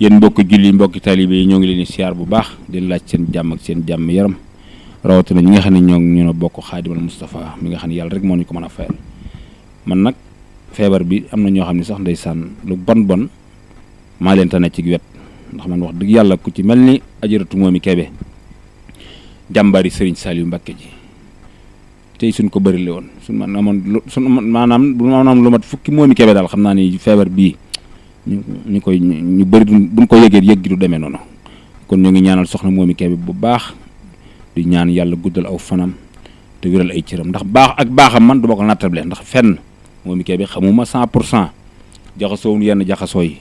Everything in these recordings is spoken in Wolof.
yéen mbokk julli mbokki taalibe yi ñoo ngi leen di siyaar bu baax di laaj seen jàmm ak seen jàmm yaram rawatina ñi nga xam ne ñoo ñu bokk xaadimal Moustapha mi nga xam ne yàlla rek moo ko a fayal man nag feebar bi am na ñoo xam ne sax ndeysaan lu bon bon maa leen tane ci wet ndax man wax dëgg yàlla ku ci mel ni ajaratu moomi kebe jàmbaari Serigne Saliou Mbacke ji tey suñ ko bërile woon suñ man amoon suñ maanaam maanaam lu mat fukki moomi kebe daal xam naa ni feebar bii. ñu ñu koy ñu bëri buñ ko yëgee yëg gi du demee noonu kon ñu ngi ñaanal soxna Momy Kébé bu baax di ñaan yàlla guddal aw fanam te wéral ay cëram ndax baax ak baaxam man duma ko leen ndax fenn Momy Kébé xamuma cent pour cent jaxasoo yenn jaxasoo yi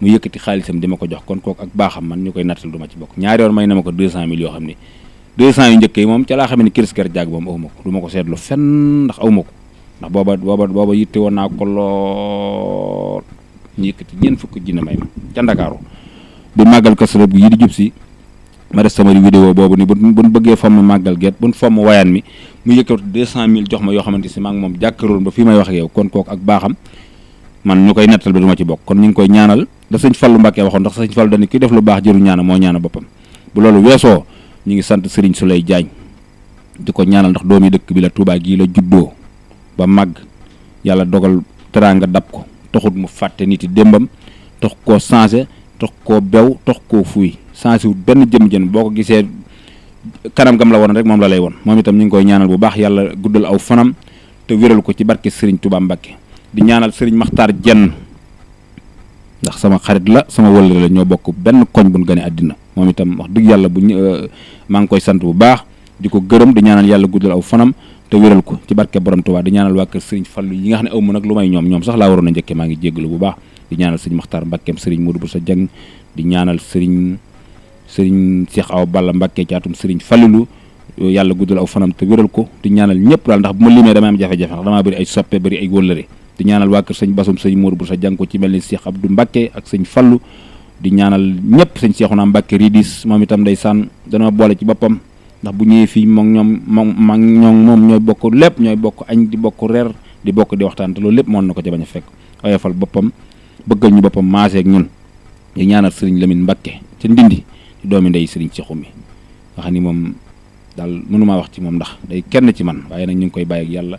mu yëkkati xaalisam di ko jox kon kooku ak baaxam man ñu koy nattal du ma ci bokk ñaari yoon may na ma ko deux cent yoo xam ne deux cent yu njëkk yi moom ca laa xam ne kiris ker jàgg moom aw ko du ma ko seetlu fenn ma ko ndax booba booba booba ñu yëkkati ñeent fukk junne may ma ca bi màggal Kazu Rajab yi di jub si ma def sama vidéo boobu ni bu buñ bëggee fomm màggal geet buñ fomm wayaan mi mu yëkkati deux cent mille jox ma yoo xamante si maa ngi moom jàkkaroon ba fii may wax yow kon kooku ak baaxam man ñu koy nettal bi du ma ci bokk kon ñu ngi koy ñaanal da sëñ Fallu Mbàkke waxoon ndax sëñ Fallu dañu ki def lu baax jëru ñaana moo ñaana boppam bu loolu weesoo ñu ngi sant Sëriñ lay Jaañ di ko ñaanal ndax doomi dëkk bi la Tuubaa gii la juddoo ba màgg yàlla dogal teraanga dab ko toxut mu fàtte nit yi démbam tox ko changé tox koo bew tox ko fuy changé wut benn jëm jën boo ko gisee kanam gam la woon rek moom la lay woon moom itam ñu ngi koy ñaanal bu baax yàlla guddal aw fanam te wéral ko ci barke Serigne Touba Mbacké di ñaanal Serigne Makhtar jën ndax sama xarit la sama wëllëre la ñoo bokk benn koñ bu ñu gënee àddina moom itam wax dëgg yàlla bu euh, maa ngi koy sant bu baax. di ko gërëm di ñaanal yàlla guddal aw fanam te wéral ko ci barke borom Tuubaa di ñaanal waa kër sëriñ Fallu yi nga xam ne aw ma nag lu may ñoom ñoom sax a njëkke maa ngi jéggalu bu ñaanal sëriñ Maxtaar Mbàkkeem sëriñ Modou Boussa Dieng di sëriñ sëriñ Cheikh Awa Balla yàlla guddal aw fanam te wéral ko di ñaanal ñëpp daal ndax bu ma limee damay am jafe-jafe ndax damaa bëri ay soppe bëri ay wóllëre di ñaanal waa kër sëñ basum sëñ Modou Boussa Dieng ko ci mel ni Cheikh Abdou Mbàkke ak sëñ Fallu di ñaanal ñëpp sëñ Seexuna Mbàkke Ridis moom itam ndeysaan dana boole ci boppam ndax bu ñëwee fii moom ñoom moom mag ñoom moom ñooy bokk lépp ñooy bokk añ di bokk reer di bokk di waxtaan te loolu lépp moon na ko ca bañ a fekk oyofal boppam bëggal ñu boppam maaseeg ñun di ñaanal sëriñ Lamine Mbakke ca Ndindi di doomi ndey sëriñ ci xumi nga xam ni moom daal mënumaa wax ci moom ndax day kenn ci man waaye nag ñu ngi koy bàyyi yàlla